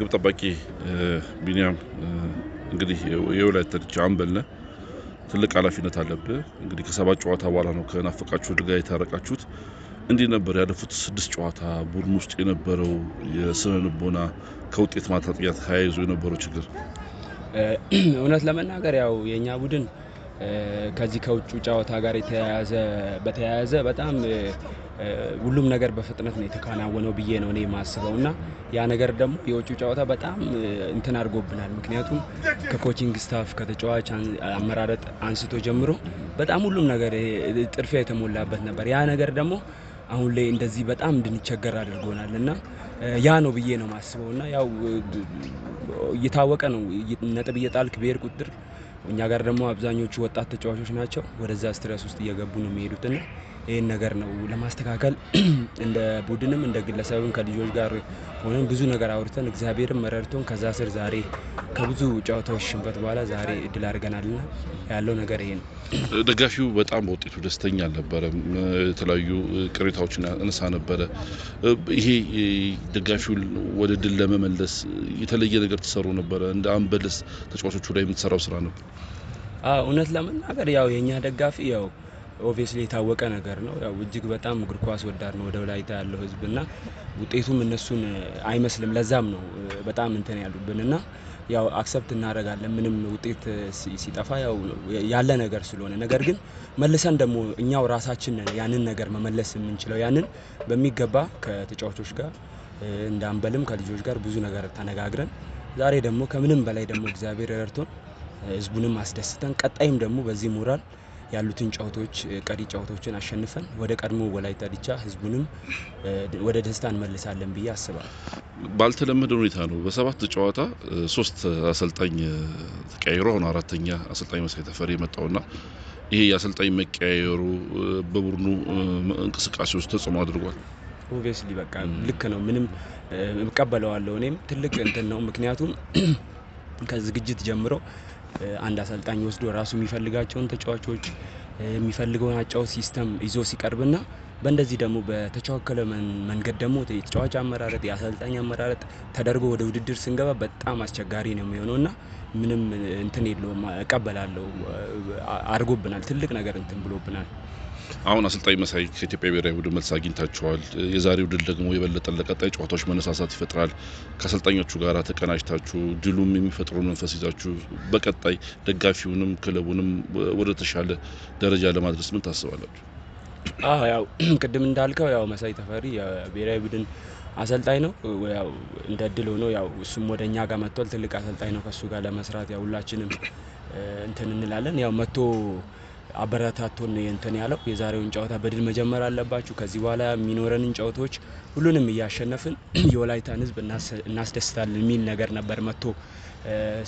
ግብ ጠባቂ ቢኒያም እንግዲህ የወላይታ ድቻ አምበልነ ትልቅ ኃላፊነት አለብህ። እንግዲህ ከሰባት ጨዋታ በኋላ ነው ከናፈቃችሁ ልጋ የታረቃችሁት። እንዲህ ነበር ያለፉት ስድስት ጨዋታ ቡድን ውስጥ የነበረው የስነ ልቦና ከውጤት ማጣት ጋር ተያይዞ የነበረው ችግር። እውነት ለመናገር ያው የእኛ ቡድን ከዚህ ከውጭ ጨዋታ ጋር የተያያዘ በተያያዘ በጣም ሁሉም ነገር በፍጥነት ነው የተከናወነው ብዬ ነው እኔ የማስበው እና ያ ነገር ደግሞ የውጭ ጨዋታ በጣም እንትን አድርጎብናል። ምክንያቱም ከኮቺንግ ስታፍ ከተጫዋች አመራረጥ አንስቶ ጀምሮ በጣም ሁሉም ነገር ጥርፊያ የተሞላበት ነበር። ያ ነገር ደግሞ አሁን ላይ እንደዚህ በጣም እንድንቸገር አድርጎናል እና ያ ነው ብዬ ነው የማስበው እና ያው እየታወቀ ነው ነጥብ እየጣልክ ብሄር ቁጥር እኛ ጋር ደግሞ አብዛኞቹ ወጣት ተጫዋቾች ናቸው። ወደዛ ስትረስ ውስጥ እየገቡ ነው የሚሄዱትና ይህን ነገር ነው ለማስተካከል እንደ ቡድንም እንደ ግለሰብም ከልጆች ጋር ሆነን ብዙ ነገር አውርተን እግዚአብሔርም መረድቶን ከዛ ስር ዛሬ ከብዙ ጨዋታዎች ሽንፈት በኋላ ዛሬ እድል ና ያለው ነገር ይሄ ነው። ደጋፊው በጣም በውጤቱ ደስተኛ አልነበረም። የተለያዩ ቅሬታዎችን አነሳ ነበረ። ይሄ ደጋፊውን ወደ ድል ለመመለስ የተለየ ነገር ትሰሩ ነበረ። እንደ አንበለስ ተጫዋቾቹ ላይ የምትሰራው ስራ ነበር እውነት ለመናገር ያው የእኛ ደጋፊ ያው ኦብቪየስሊ የታወቀ ነገር ነው። ያው እጅግ በጣም እግር ኳስ ወዳድ ነው ወደ ወላይታ ያለው ና ውጤቱም እነሱን አይመስልም። ለዛም ነው በጣም እንትን ያሉብንና ያው አክሰፕት እናደርጋለን። ምንም ውጤት ሲጠፋ ያው ያለ ነገር ስለሆነ ነገር ግን መልሰን ደግሞ እኛው ራሳችን ያንን ነገር መመለስ የምንችለው ያንን በሚገባ ከተጫዋቾች ጋር እንዳንበልም ከልጆች ጋር ብዙ ነገር ተነጋግረን ዛሬ ደግሞ ከምንም በላይ ደግሞ እግዚአብሔር ረድቶን ህዝቡንም አስደስተን ቀጣይም ደግሞ በዚህ ሞራል ያሉትን ጨዋታዎች ቀሪ ጨዋታዎችን አሸንፈን ወደ ቀድሞ ወላይታ ዲቻ ህዝቡንም ወደ ደስታ እንመልሳለን ብዬ አስባለሁ። ባልተለመደ ሁኔታ ነው። በሰባት ጨዋታ ሶስት አሰልጣኝ ተቀያይሮ አሁን አራተኛ አሰልጣኝ መሳይ ተፈሪ የመጣውና ይሄ የአሰልጣኝ መቀያየሩ በቡድኑ እንቅስቃሴ ውስጥ ተጽዕኖ አድርጓል። ኦብቪየስሊ በቃ ልክ ነው። ምንም እቀበለዋለሁ። እኔም ትልቅ እንትን ነው ምክንያቱም ከዝግጅት ጀምሮ አንድ አሰልጣኝ ወስዶ ራሱ የሚፈልጋቸውን ተጫዋቾች የሚፈልገውን አጫወት ሲስተም ይዞ ሲቀርብና በእንደዚህ ደግሞ በተቻከለ መንገድ ደግሞ የተጫዋች አመራረጥ የአሰልጣኝ አመራረጥ ተደርጎ ወደ ውድድር ስንገባ በጣም አስቸጋሪ ነው የሚሆነው እና ምንም እንትን የለውም እቀበላለሁ። አድርጎብናል፣ ትልቅ ነገር እንትን ብሎብናል። አሁን አሰልጣኝ መሳይ ከኢትዮጵያ ብሔራዊ ቡድን መልስ አግኝታችኋል። የዛሬው ድል ደግሞ የበለጠ ለቀጣይ ጨዋታዎች መነሳሳት ይፈጥራል። ከአሰልጣኞቹ ጋር ተቀናጅታችሁ ድሉም የሚፈጥሩ መንፈስ ይዛችሁ በቀጣይ ደጋፊውንም ክለቡንም ወደ ተሻለ ደረጃ ለማድረስ ምን ታስባላችሁ? ያው ቅድም እንዳልከው ያው መሳይ ተፈሪ የብሔራዊ ቡድን አሰልጣኝ ነው። ያው እንደ እድል ሆኖ ያው እሱም ወደ እኛ ጋር መጥቷል። ትልቅ አሰልጣኝ ነው። ከእሱ ጋር ለመስራት ያው ሁላችንም እንትን እንላለን። ያው መቶ አበረታቶን እንትን ያለው የዛሬውን ጨዋታ በድል መጀመር አለባችሁ። ከዚህ በኋላ የሚኖረንን ጨዋታዎች ሁሉንም እያሸነፍን የወላይታን ሕዝብ እናስደስታለን የሚል ነገር ነበር መጥቶ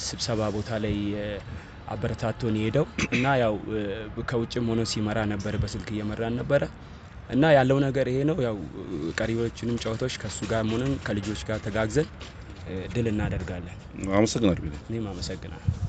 ስብሰባ ቦታ ላይ አበረታቶን የሄደው እና ያው ከውጭም ሆኖ ሲመራ ነበር፣ በስልክ እየመራን ነበረ እና ያለው ነገር ይሄ ነው። ያው ቀሪዎቹንም ጨዋታዎች ከእሱ ጋር ሆነን ከልጆች ጋር ተጋግዘን ድል እናደርጋለን። አመሰግናለሁ። እኔም አመሰግናለሁ።